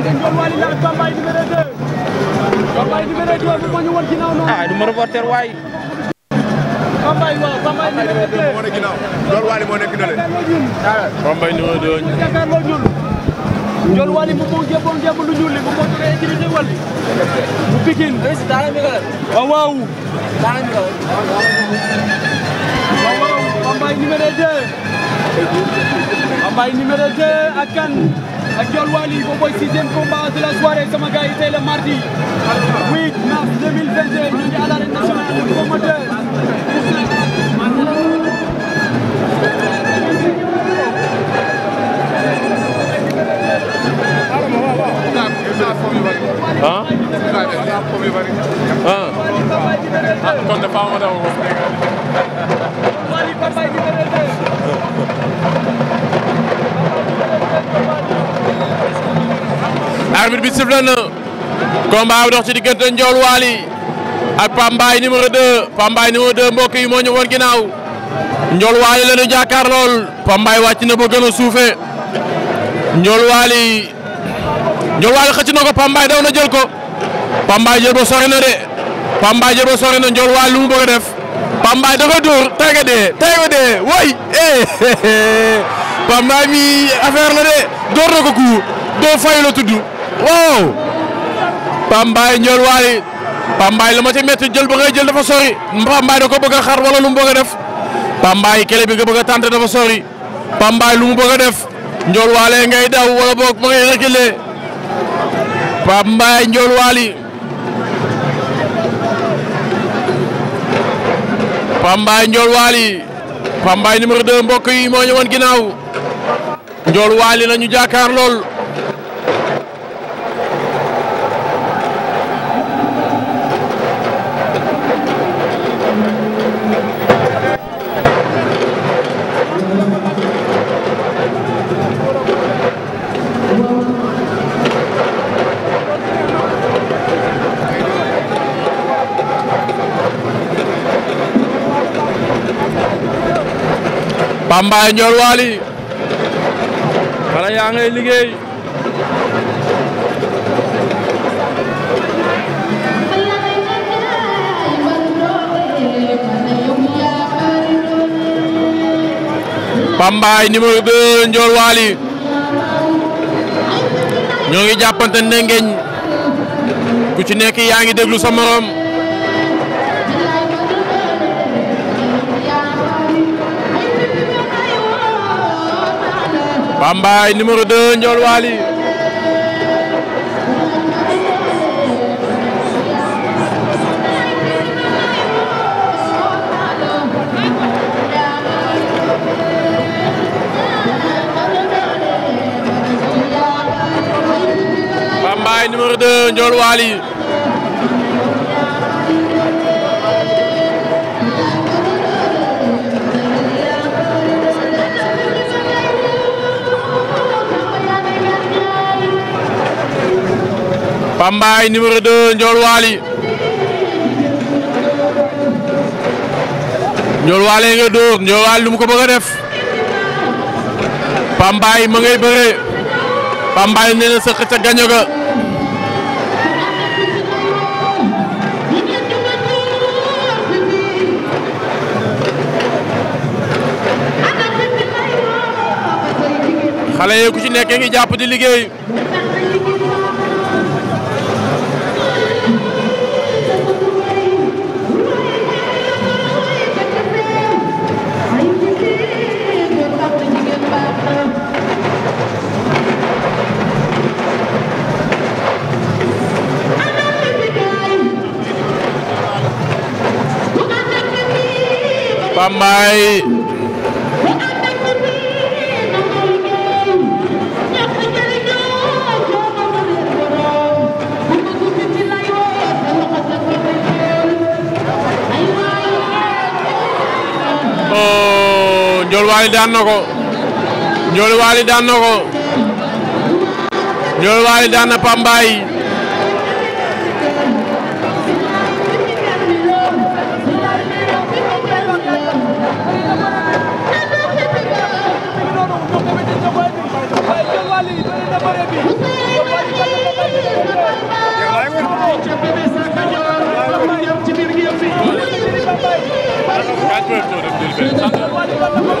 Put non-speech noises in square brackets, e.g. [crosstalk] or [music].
ah du ma reporter waay. Bambay waaw Bambay numéro 2 moo nekk ginnaaw loolu Waly moo nekk nële. Bambay numéro 2. jàkkaarloo ñuul. loolu Waly bu mu jéem a lu ñuul li bu mu jógee ci biir wàll. bu Pikine. Ah, waaw ah, waaw. Bambay numéro 2. Bambay numéro 2 ak kan. ak Ndiol Wally moom mooy sixième combat de la soirée sama gars yi tey le mardi 8 mars 2022 ñu ngi à l'arène nationale de promoteur ah. ah kon de Paa ma arbitre bi na combat dox ci diggante Ndiol Wally Pambaay numéro 2 Pambaay numéro 2 mbokk yi moo ñu woon ginnaaw Ndiol lool Pambaay wàcc na ba gën a suufee Ndiol xëcc na ko Pambaay daw na jël ko Pambaay jël ba sori na de Pambaay jël ba sori na Ndiol lu mu bëgg def Pambaay da ko dóor tey dee tey dee woy Pambaay eh, [laughs] mi affaire la de door na ko ku doo fay la tudd. waaw Pambaay Ndiol Waly Pambaay lu ma ci met jël ba ngay jël dafa sori Pambaay da ko bëgg a xar lu mu bëgg a def Pambaay kele bi nga bëgg a tànte dafa sori Pambaay lu mu bëgg a def Ndiol Waly ngay daw wala boog ma ngay reculer Pambaay Ndiol Waly Pambaay Ndiol Waly Pambaay numéro 2 mbokk yi moo ñëwoon ginnaaw Ndiol Waly la ñu jàkkaar lool Pambaay Ndiol Waly xale yaa ngay liggéey Pambaay numéro 2 Ndiol Waly ñoo ngi jàppante ndengeñ ku ci nekki yaa ngi déglu sa Bambaye numéro 2 Ndiol Wali numéro 2 Ndiol Wali Pambaay numéro 2 Ndiol Waly Ndiol Waly nga dóor Ndiol Waly lu mu ko bëgg a def Pambaay ma ngay bëree Pambaay nee na sëq ca gaño ga ku ci nekk ngi jàpp di liggéey Pambaay oh Ndiol Wally daan na ko Ndiol Wally daan na ko Ndiol Wally daan na Pambaay ci biir